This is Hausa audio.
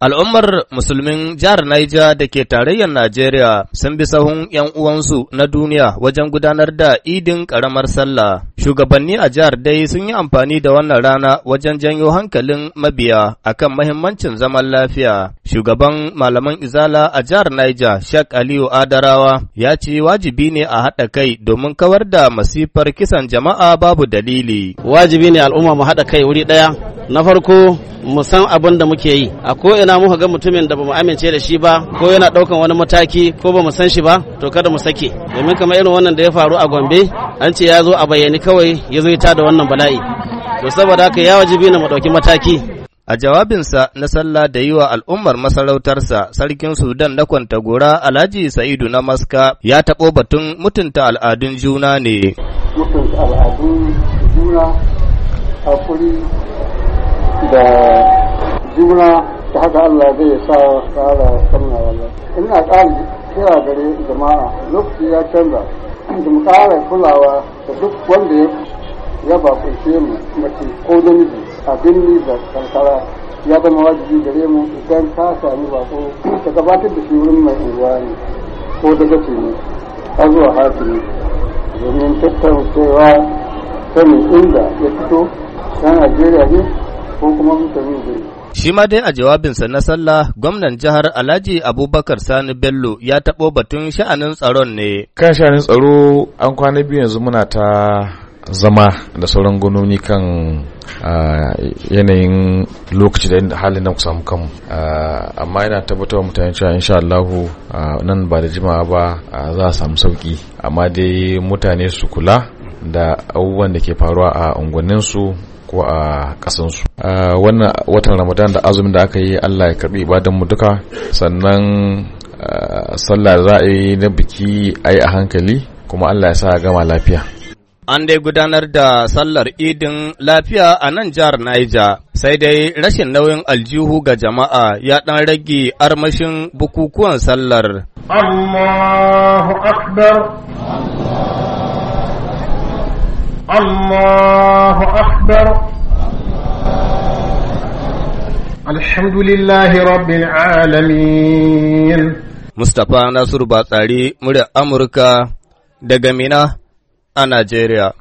Al'ummar musulmin jihar Niger da ke tarayyar Najeriya sun bi sahun ‘yan uwansu na duniya wajen gudanar da idin ƙaramar sallah. Shugabanni a jihar dai sun yi amfani da wannan rana wajen janyo hankalin mabiya a kan mahimmancin zaman lafiya. Shugaban malaman Izala a jihar Niger, Sheikh Aliyu Adarawa, ya ce wajibi ne a haɗa kai domin kawar da masifar kisan jama'a babu dalili. Wajibi ne al'umma mu haɗa kai wuri ɗaya na farko mu san abin da muke yi a ko ina muka ga mutumin da bamu amince da shi ba ko yana daukan wani mataki ko bamu san shi ba to kada mu sake domin kamar irin wannan da ya faru a Gombe an ce ya zo a bayyane kawai ya zo ya da wannan bala'i to saboda haka ya wajibi na mu dauki mataki a jawabinsa na sallah da yi wa al'ummar masarautarsa sarkin sudan na kwantagora alhaji sa'idu na maska ya taɓo batun mutunta al'adun juna ne mutunta al'adun juna hakuri da juna ta haka Allah zai sa tsara sanna wala ina tsari kira gare jama'a lokaci ya canza da mu kulawa da duk wanda ya ce mu mace ko namiji a birni da kankara ya zama wajibi gare mu idan ka sami bako ka gabatar da shi wurin mai unguwa ne ko daga ce ne har zuwa hatimi domin tattaunawa sanin inda ya fito ɗan Najeriya ne ko kuma mutumin Shi ma dai a jawabinsa na sallah gwamnan jihar Alhaji Abubakar Sani Bello ya taɓo batun sha'anin tsaron ne. Kan sha'anin tsaro an kwana biyu yanzu muna ta zama da sauran gononi kan yanayin lokaci da halin da samu kanmu amma yana tabbatar mutane cewa insha Allahu nan ba da jimawa ba za a samu sauki amma dai mutane su kula da abubuwan da ke faruwa a unguwanninsu ko a kasansu wannan watan ramadan da azumin da aka yi allah ya karbi mu duka sannan sallah za a yi na biki a a hankali kuma allah ya sa gama lafiya an dai gudanar da sallar idin lafiya a nan jihar Niger, sai dai rashin nauyin aljihu ga jama'a ya ɗan rage armashin bukukuwan sallar. Allahu Akbar الله أكبر الحمد لله رب العالمين مصطفى ناصر باتاري مدى Amurka دقمنا Mina a